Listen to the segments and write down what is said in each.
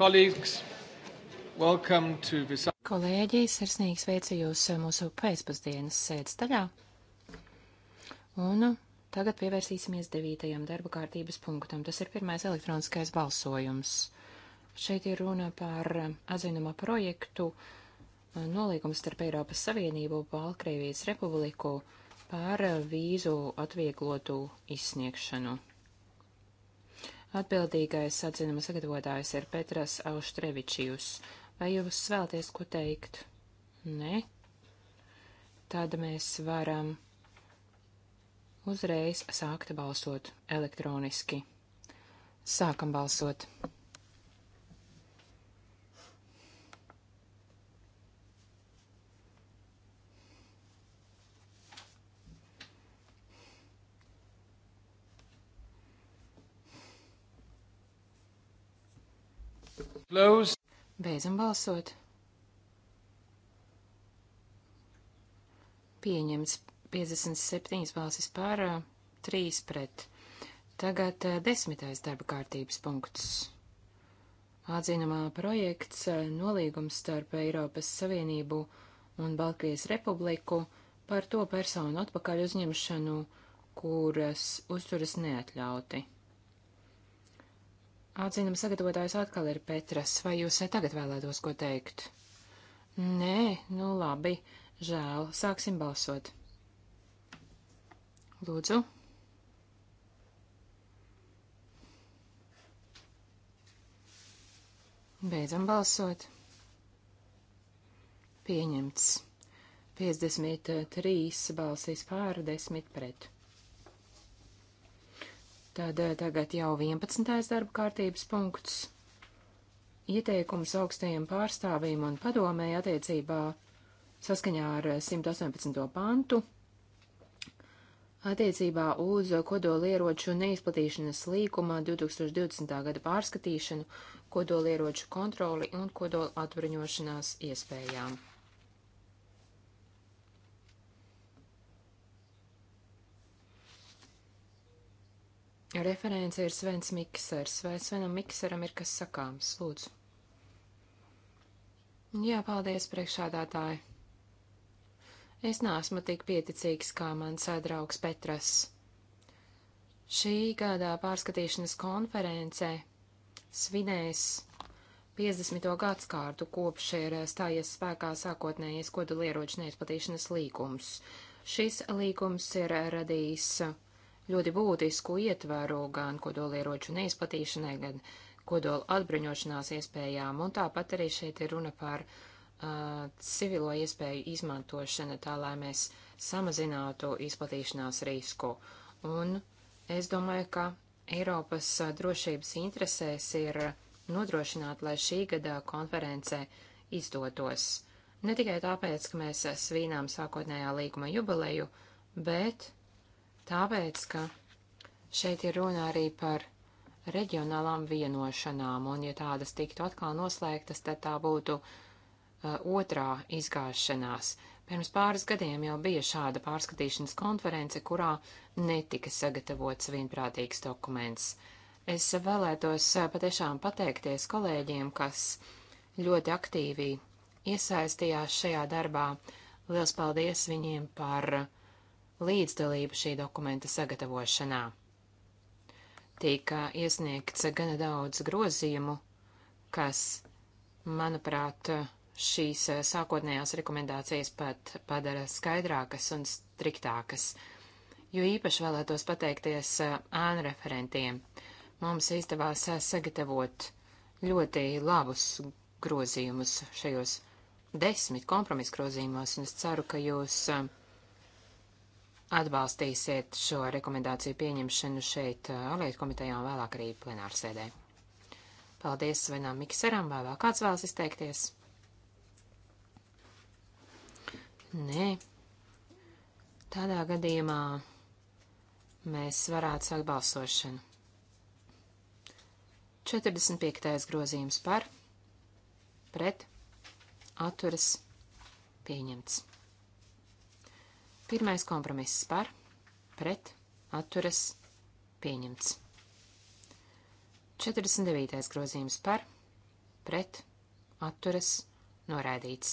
Kolēģi, sirsnīgi sveicu jūs eh, mūsu pēcpusdienas sēdes daļā. Un eh, tagad pievērsīsimies devītajam darba kārtības punktam. Tas ir pirmais elektroniskais balsojums. Šeit ir runa par eh, atzinuma projektu nolīgums starp Eiropas Savienību un Baltkrievijas Republiku par vīzu atvieglotu izsniegšanu. Atbildīgais atzinuma sagatavotājs ir Petras Auštrevičijus. Vai jūs vēlaties ko teikt? Nē. Tad mēs varam uzreiz sākt balsot elektroniski. Sākam balsot! Beidzam balsot. Pieņemts 57 balsis pār, 3 pret. Tagad desmitais darba kārtības punkts. Atzinamā projekts nolīgums starp Eiropas Savienību un Baltkrievijas Republiku par to personu atpakaļ uzņemšanu, kuras uzturas neatļauti. Atzinuma sagatavotājs atkal ir Petras. Vai jūs eh, tagad vēlētos ko teikt? Nē, nu labi. Žēl. Sāksim balsot. Lūdzu. Beidzam balsot. Pieņemts. 53 eh, balsīs pār, 10 pret. Tad eh, tagad jau 11. darba kārtības punkts - ieteikums augstajiem pārstāvīm un padomēji attiecībā saskaņā ar 118. Eh, pantu attiecībā uz kodolieroču neizplatīšanas līkumā 2020. gada pārskatīšanu, kodolieroču kontroli un kodola atbruņošanās iespējām. Referents ir Svens Miksers. Vai Svenam Mikseram ir kas sakāms? Lūdzu. Jā, paldies, priekšādātāji. Es neesmu tik pieticīgs kā mans draugs Petras. Šī gada pārskatīšanas konferencē svinēs 50. gadsimtu kopš ir stājies spēkā sākotnējais kodolieroču neizplatīšanas līgums. Šis līgums ir radījis ļoti būtisku ietvēru gan kodolieroču neizplatīšanai, gan kodola atbruņošanās iespējām, un tāpat arī šeit ir runa par uh, civilo iespēju izmantošanu, tā lai mēs samazinātu izplatīšanās risku. Un es domāju, ka Eiropas drošības interesēs ir nodrošināt, lai šī gada konference izdotos. Ne tikai tāpēc, ka mēs svinām sākotnējā līguma jubileju, bet Tāpēc, ka šeit ir runa arī par reģionālām vienošanām, un ja tādas tiktu atkal noslēgtas, tad tā būtu uh, otrā izgāšanās. Pirms pāris gadiem jau bija šāda pārskatīšanas konference, kurā netika sagatavots vienprātīgs dokuments. Es vēlētos uh, patiešām pateikties kolēģiem, kas ļoti aktīvi iesaistījās šajā darbā. Liels paldies viņiem par līdzdalību šī dokumenta sagatavošanā. Tika iesniegts gana daudz grozījumu, kas, manuprāt, šīs sākotnējās rekomendācijas pat padara skaidrākas un striktākas, jo īpaši vēlētos pateikties ēnu referentiem. Mums izdevās sagatavot ļoti labus grozījumus šajos desmit kompromisu grozījumos, un es ceru, ka jūs uh, atbalstīsiet šo rekomendāciju pieņemšanu šeit uh, ārlietu komitejā un vēlāk arī plenārsēdē. Paldies Svenam Mikseram, vai vēl kāds vēlas izteikties? Nē. Tādā gadījumā mēs varētu sākt balsošanu. 45. grozījums par, pret, atturas, pieņemts. Pirmais kompromiss par, pret, atturas, pieņemts. 49. grozījums par, pret, atturas, noraidīts.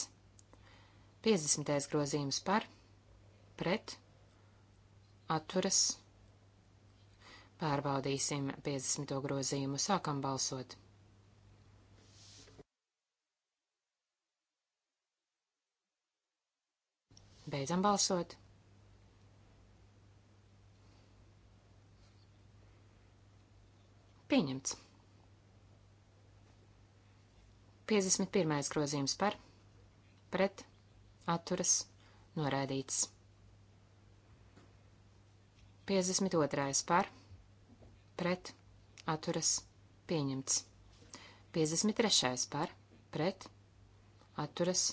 50. grozījums par, pret, atturas, pārbaudīsim 50. grozījumu, sākam balsot. Beidzam balsot. Pieņemts. 51. grozījums par, pret, atturas, noraidīts. 52. par, pret, atturas, pieņemts. 53. par, pret, atturas,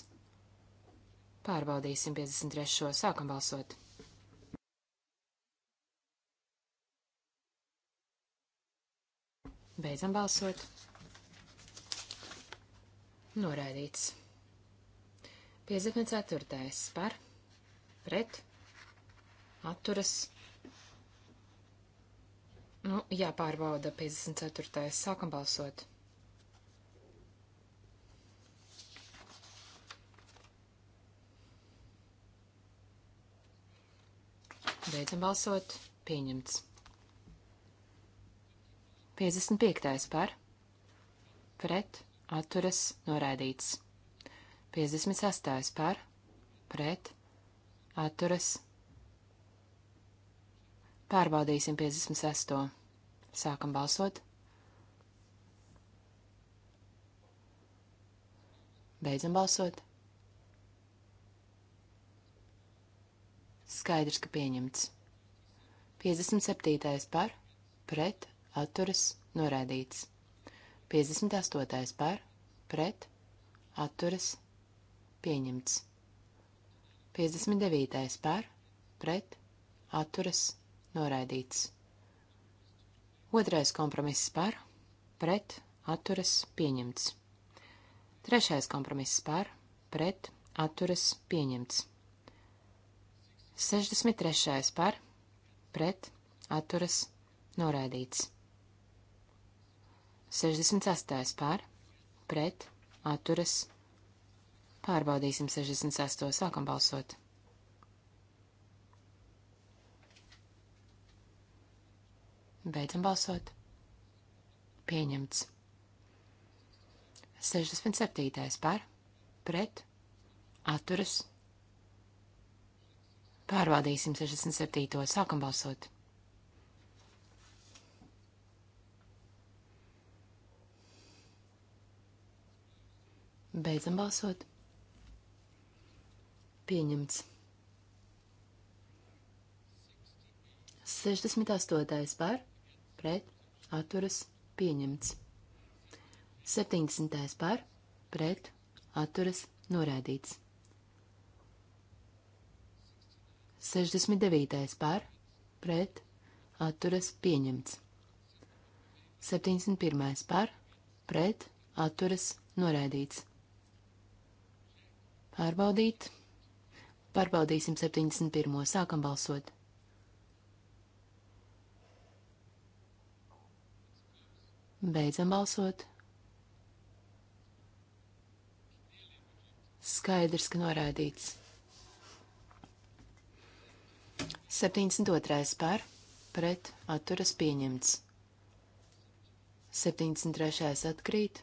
pārbaudīsim 53. sākam balsot. Beidzam balsot. Noraidīts. 54. par, pret, atturas. Nu, jāpārbauda 54. Sākam balsot. Beidzam balsot. Pieņemts. 55. par pret atturas noraidīts. 56. par pret atturas. Pārbaudīsim 56. Sākam balsot. Beidzam balsot. Skaidrs, ka pieņemts. 57. par, pret, atturas, noraidīts. 58. par, pret, atturas, pieņemts. 59. par, pret, atturas, noraidīts. Otrais kompromiss par, pret, atturas, pieņemts. Trešais kompromiss par, pret, atturas, pieņemts. 63. par, pret, atturas, noraidīts. 68. par, pret, atturas. Pārbaudīsim 68. sākam balsot. Beidzam balsot. Pieņemts. 67. par, pret, atturas. Pārbaudīsim 67. sākam balsot. Beidzam balsot. Pieņemts. 68. par, pret, atturas, pieņemts. 70. par, pret, atturas, norādīts. 69. par, pret, atturas, pieņemts. 71. par, pret, atturas, norādīts. Pārbaudīt. Pārbaudīsim 71. Sākam balsot. Beidzam balsot. Skaidrs, ka noraidīts. 72. par, pret, atturas pieņemts. 73. atkrīt.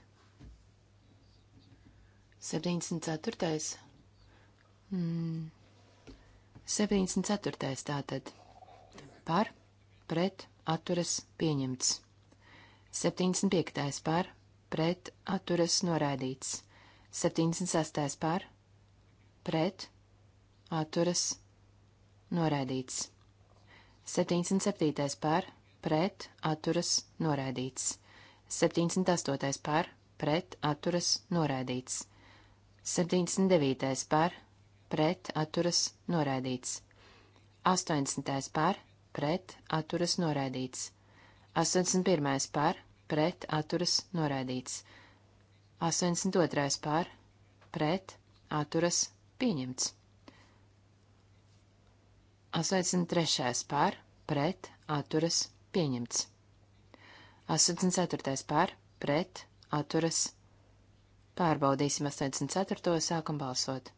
74. Mm. 74. tātad par, pret, atturas pieņemts. 75. par, pret, atturas noraidīts. 76. par, pret, atturas noraidīts. 77. par, pret, atturas noraidīts. 78. par, pret, atturas noraidīts. 79. par, pret atturas noraidīts. 80. par pret atturas noraidīts. 81. par pret atturas noraidīts. 82. par pret atturas pieņemts. 83. par pret atturas pieņemts. 84. par pret atturas pieņemts. Pārbaudīsim 84. sākam balsot.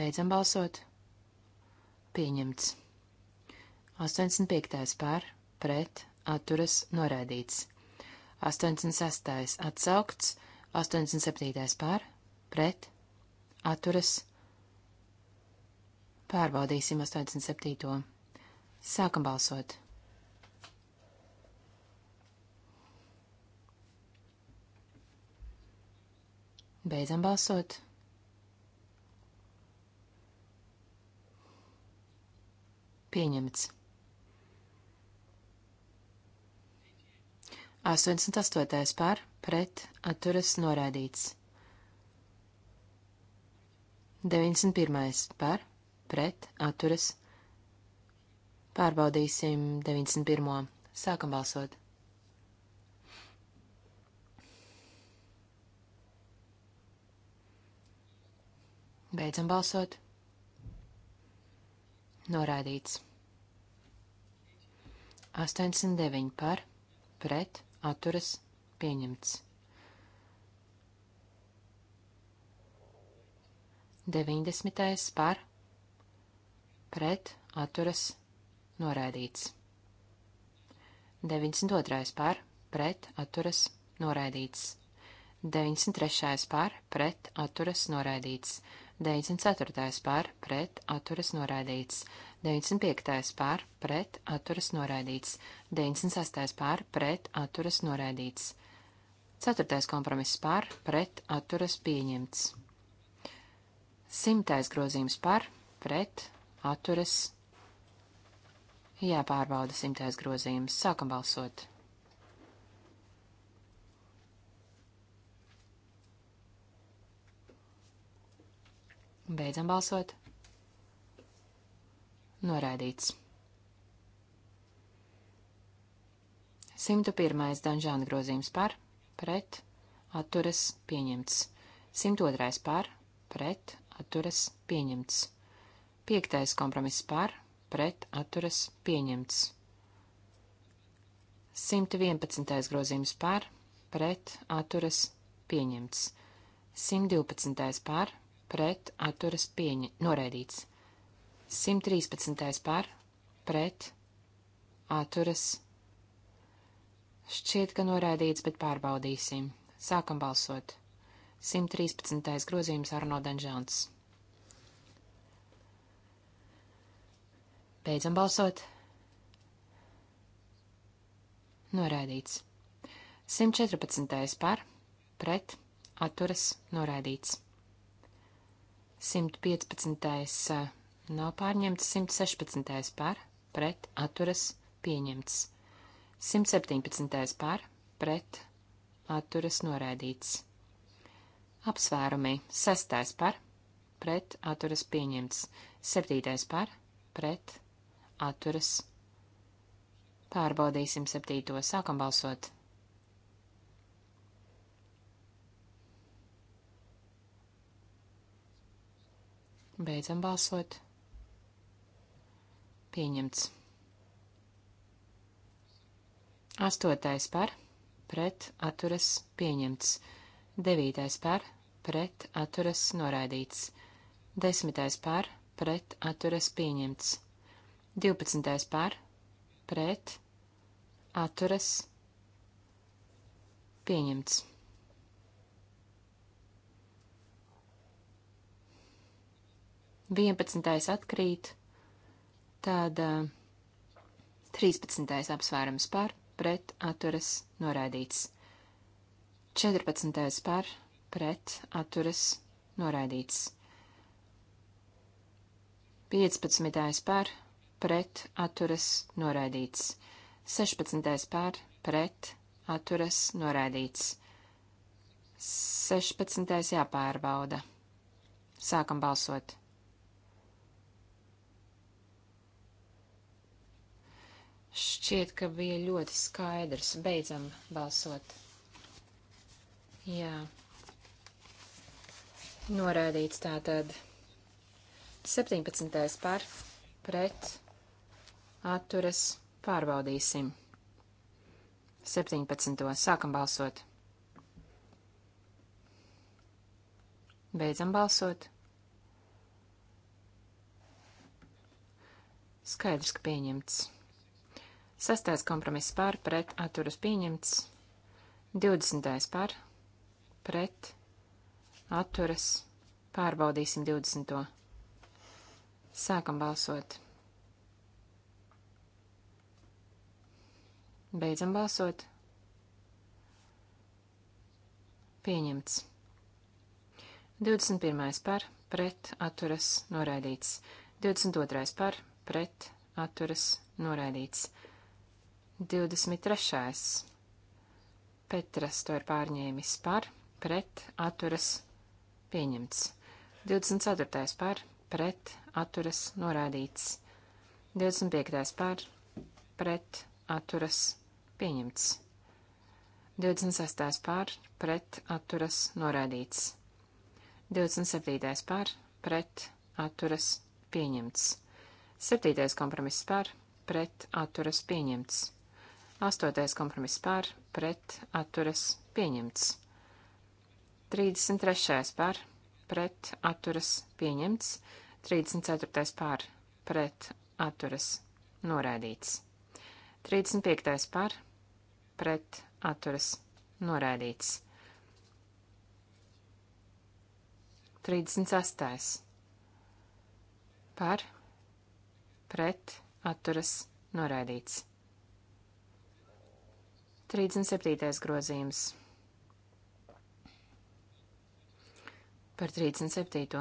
Beidzam balsot. Pieņemts. 85. pār, pret, atturas, noraidīts. 86. atsaukts, 87. pār, pret, atturas. Pārbaudīsim 87. Sākam balsot. Beidzam balsot. Pieņemts. 88. par pret atturas noraidīts. 91. par pret atturas. Pārbaudīsim 91. Sākam balsot. Beidzam balsot. Noraidīts. 89 par, pret, atturas, pieņemts. 90. par, pret, atturas, noraidīts. 92. par, pret, atturas, noraidīts. 93. par, pret, atturas, noraidīts. 94. pār pret atturas noraidīts, 95. pār pret atturas noraidīts, 96. pār pret atturas noraidīts, 4. kompromiss pār pret atturas pieņemts, 100. grozījums pār pret atturas jāpārbauda 100. grozījums. Sākam balsot! Beidzam balsot. Noraidīts. 101. danžāna grozījums par, pret, atturas, pieņemts. 102. par, pret, atturas, pieņemts. 5. kompromiss par, pret, atturas, pieņemts. 111. grozījums par, pret, atturas, pieņemts. 112. par, pret atturas pieņa, noraidīts. 113. par, pret atturas. Šķiet, ka noraidīts, bet pārbaudīsim. Sākam balsot. 113. grozījums Arno Danžants. Beidzam balsot. Noraidīts. 114. par, pret, atturas, noraidīts. 115. Eh, nav pārņemts, 116. par, pret, atturas, pieņemts. 117. par, pret, atturas, noraidīts. Apsvērumi. 6. par, pret, atturas, pieņemts. 7. par, pret, atturas. Pārbaudīsim 7. sākam balsot. Beidzam balsot. Pieņemts. Astotais par, pret, atturas, pieņemts. Devītais par, pret, atturas, noraidīts. Desmitais par, pret, atturas, pieņemts. Divpadsmitais par, pret, atturas, pieņemts. 11. atkrīt, tad 13. Eh, apsvērums par, pret, atturas, noraidīts. 14. par, pret, atturas, noraidīts. 15. par, pret, atturas, noraidīts. 16. par, pret, atturas, noraidīts. 16. jāpārbauda. Sākam balsot. Šķiet, ka bija ļoti skaidrs. Beidzam balsot. Jā. Noraidīts tātad 17. par pret atturas pārbaudīsim. 17. sākam balsot. Beidzam balsot. Skaidrs, ka pieņemts. Sastais kompromiss par pret atturas pieņemts. 20. par pret atturas. Pārbaudīsim 20. Sākam balsot. Beidzam balsot. Pieņemts. 21. par pret atturas noraidīts. 22. par pret atturas noraidīts. 23. Petras to ir pārņēmis par, pret, atturas, pieņemts. 24. par, pret, atturas, norādīts. 25. par, pret, atturas, pieņemts. 26. par, pret, atturas, norādīts. 27. par, pret, atturas, pieņemts. 7. kompromiss par, pret, atturas, pieņemts. Astotais kompromiss par, pret, atturas, pieņemts. 33. par, pret, atturas, pieņemts. 34. par, pret, atturas, noraidīts. 35. par, pret, atturas, noraidīts. 36. par, pret, atturas, noraidīts. 37. grozījums. Par 37.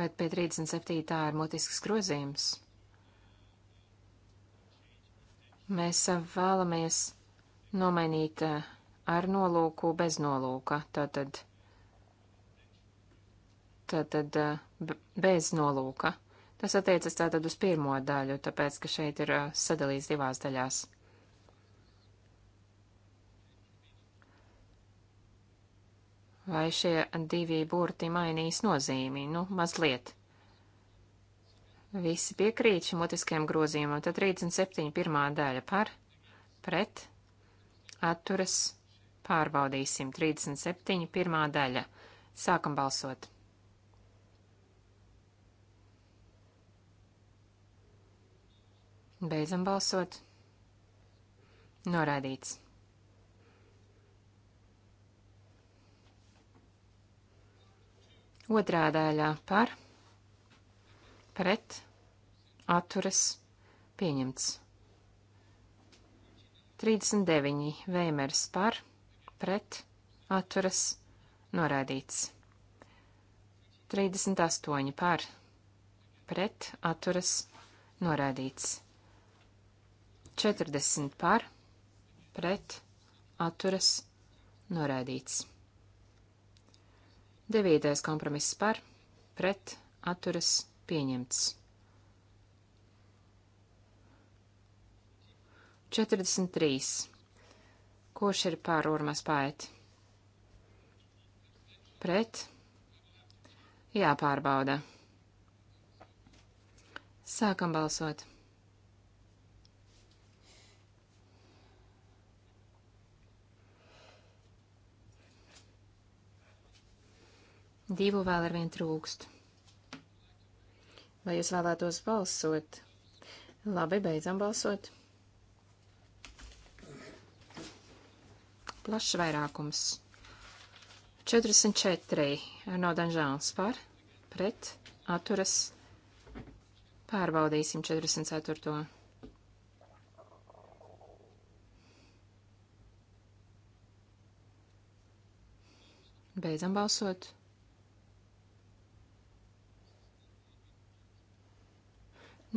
Vai pie 37. ir mutisks grozījums? Mēs vēlamies nomainīt eh, ar nolūku bez nolūka, tātad, tātad eh, bez nolūka. Tas attiecas tātad uz pirmo daļu, tāpēc, ka šeit ir uh, sadalīts divās daļās. Vai šie divi burti mainīs nozīmi? Nu, mazliet. Visi piekrīt šim otiskajam grozījumam, tad 37. pirmā daļa par, pret, atturas, pārbaudīsim, 37. pirmā daļa. Sākam balsot. Beidzam balsot. Norādīts. Otrā daļā par, pret, atturas, pieņemts. 39. Vēmers par, pret, atturas, norādīts. 38. par, pret, atturas, norādīts. 40 par, pret, atturas, noraidīts. 9. kompromiss par, pret, atturas, pieņemts. 43. Kurš ir pār urmas paēt? Pret? Jāpārbauda. Sākam balsot. Divu vēl ar vien trūkst. Vai jūs vēlētos balsot? Labi, beidzam balsot. Plašs vairākums. 44 no Danžāns par, pret, atturas. Pārbaudīsim 44. Beidzam balsot.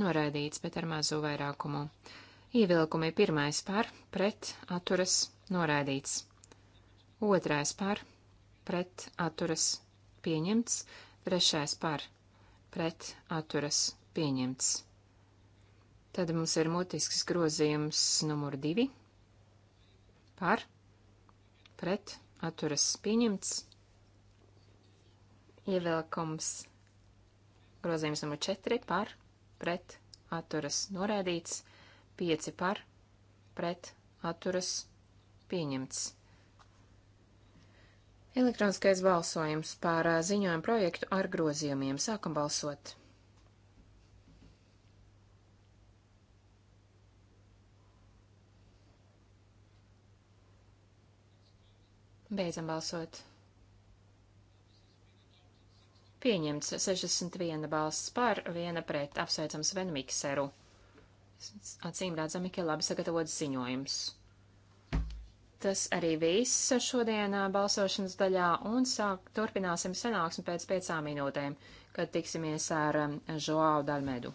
noraidīts, bet ar mazu vairākumu. Ievilkumi pirmais par, pret, atturas, noraidīts. Otrais par, pret, atturas, pieņemts. Trešais par, pret, atturas, pieņemts. Tad mums ir mutisks grozījums numur divi. Par, pret, atturas, pieņemts. Ievilkums grozījums numur četri par, pret atturas norēdīts, 5 par pret atturas pieņemts. Elektroniskais balsojums par ziņojumu projektu ar grozījumiem. Sākam balsot! Beidzam balsot! Pieņemts 61 balss par, viena pret, apsveicam Svenu Mikseru. Acīm redzami, ka labi sagatavots ziņojums. Tas arī viss šodien balsošanas daļā, un sāk, turpināsim sanāksmi pēc piecām minūtēm, kad tiksimies ar Žoāu Dalmedu.